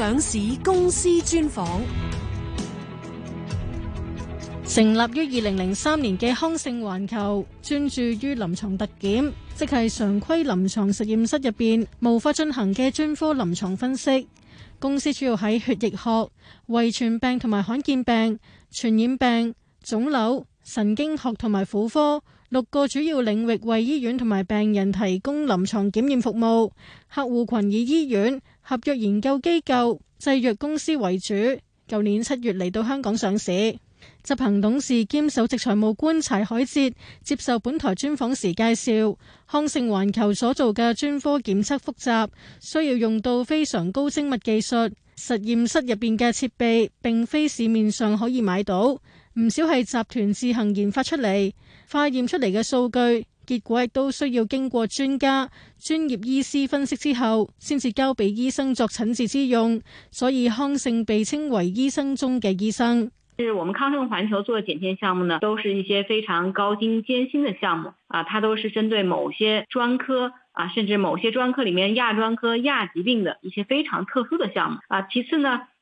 上市公司專訪，成立於二零零三年嘅康聖環球，專注於臨床特檢，即係常規臨床實驗室入邊無法進行嘅專科臨床分析。公司主要喺血液學、遺傳病同埋罕見病、傳染病、腫瘤、神經學同埋婦科，六個主要領域為醫院同埋病人提供臨床檢驗服務。客戶群以醫院、合約研究機構、製藥公司為主。舊年七月嚟到香港上市。執行董事兼首席財務官柴海節接受本台專訪時介紹，康聖環球所做嘅專科檢測複雜，需要用到非常高精密技術。實驗室入邊嘅設備並非市面上可以買到，唔少係集團自行研發出嚟。化驗出嚟嘅數據結果亦都需要經過專家、專業醫師分析之後，先至交俾醫生作診治之用。所以康聖被稱為醫生中嘅醫生。就是我們康聖環球做檢驗項目呢，都是一些非常高精尖新嘅項目啊，它都是針對某些專科啊，甚至某些專科裏面亞專科、亞疾病的一些非常特殊的項目啊。其次呢？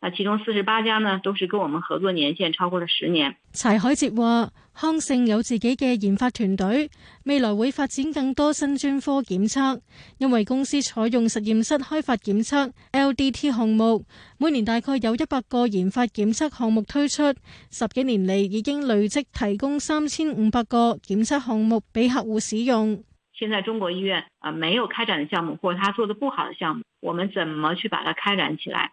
那其中四十八家呢，都是跟我們合作年限超過了十年。柴海節話：康聖有自己嘅研發團隊，未來會發展更多新專科檢測。因為公司採用實驗室開發檢測 LDT 項目，每年大概有一百個研發檢測項目推出。十幾年嚟已經累積提供三千五百個檢測項目俾客戶使用。現在中國醫院啊，沒有開展的項目，或者他做得不好的項目，我們怎麼去把它開展起來？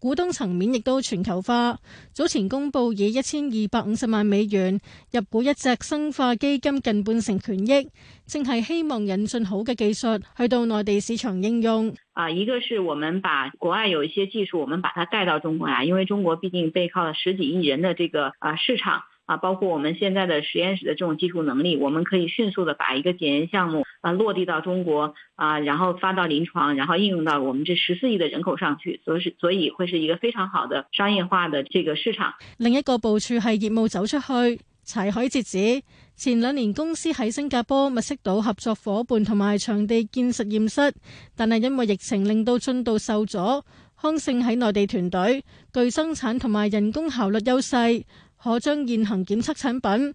股東層面亦都全球化，早前公布以一千二百五十萬美元入股一隻生化基金近半成權益，正係希望引進好嘅技術去到內地市場應用。啊，一個是我們把國外有一些技術，我們把它帶到中國嚟，因為中國畢竟背靠了十幾億人的這個啊市場，啊，包括我們現在的實驗室的這種技術能力，我們可以迅速的把一個檢驗項目。落地到中國啊，然後發到臨床，然後應用到我們這十四億的人口上去，所以會是一個非常好的商業化的這個市場。另一個部署係業務走出去。柴海節指，前兩年公司喺新加坡，物色到合作伙伴同埋場地建實驗室，但係因為疫情令到進度受阻。康聖喺內地團隊具生產同埋人工效率優勢，可將現行檢測產品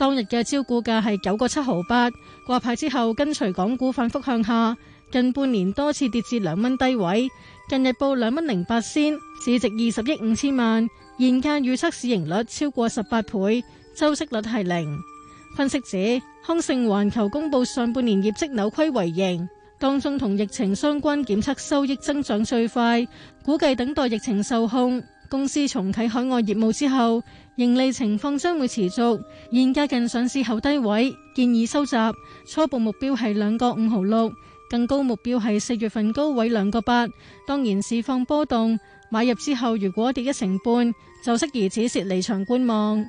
當日嘅招股價係九個七毫八，掛牌之後跟隨港股反覆向下，近半年多次跌至兩蚊低位，近日報兩蚊零八仙，市值二十億五千萬，現價預測市盈率超過十八倍，周息率係零。分析指，康聖環球公布上半年業績扭虧為盈，當中同疫情相關檢測收益增長最快，估計等待疫情受控。公司重啟海外業務之後，盈利情況將會持續。現價近上市後低位，建議收集。初步目標係兩個五毫六，更高目標係四月份高位兩個八。當然，市況波動，買入之後如果跌一成半，就適宜此時離場觀望。